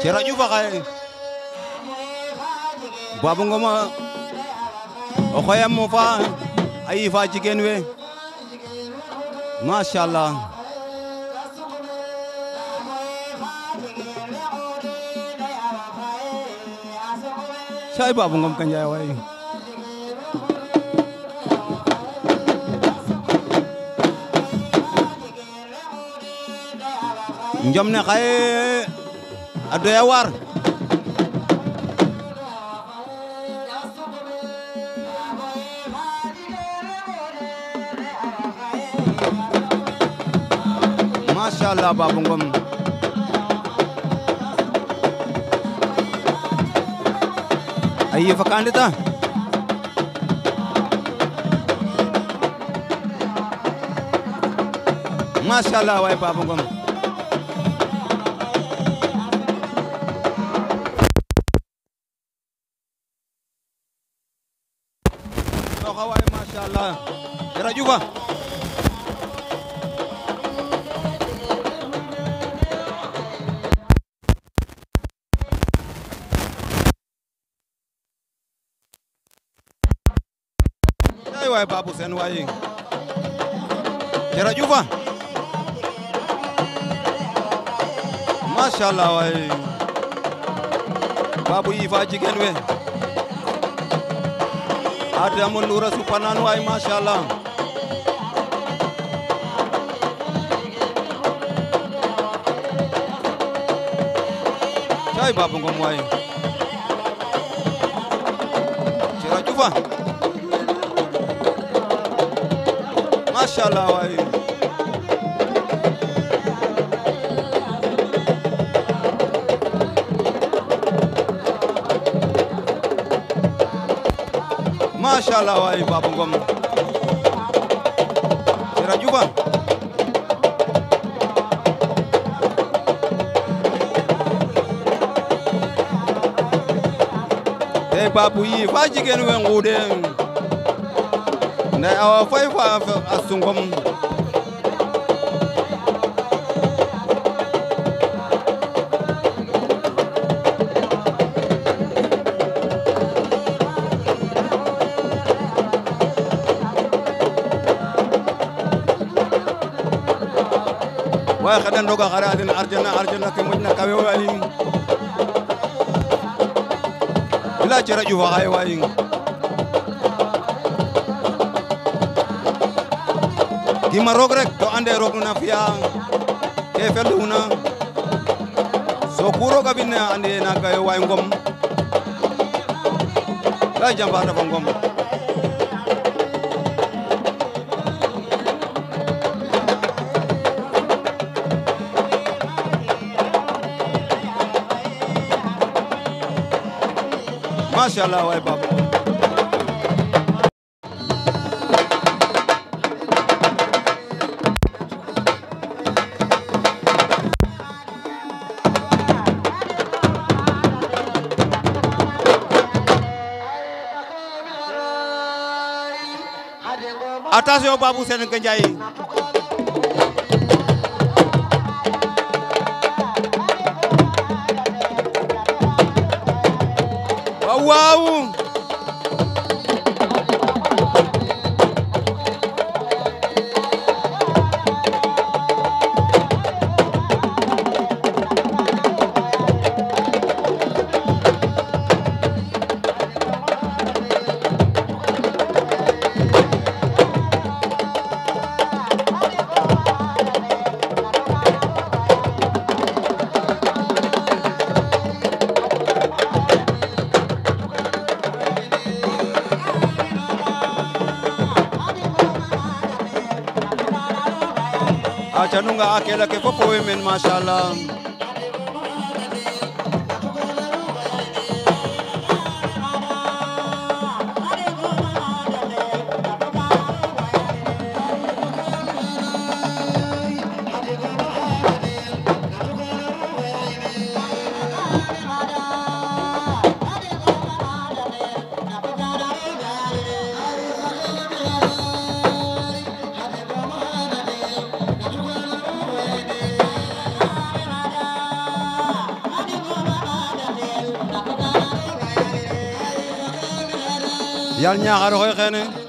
Ceerno Juuf a xaye Babou Ngom o xooya moofa a jigéen we machallah cay Babou Ngom ka njaay waay njom xaye a doya waar masha Allah Babou Ngom a yiifa kandita masha Allah waay Babou Ngom taxawaay macha allah rajo ba ay waay Babou Sène fa macha allah waay Babou yi fa jigéen we adamu lura su panan wai masha Allah chai babu ngom wai chira juba tubaarkàlla waay Babou Ngom Sira Diouf tey Babou yi fa jigéen we nguude nday awa fay fa a sungom way xada ndoga xare a den arjana arjana ke moƴna kawe o alim i leya cera ƴufa xaye waay rek to ande roog na fiya ke feluna so ku rooga fi ne ande naga yo waay ngom leya jambar refa ngom macha allah waay Baba attention Babou Senengue Ndiaye uau! Machanunga akela ke popo women mashallah. yal a oxey xeene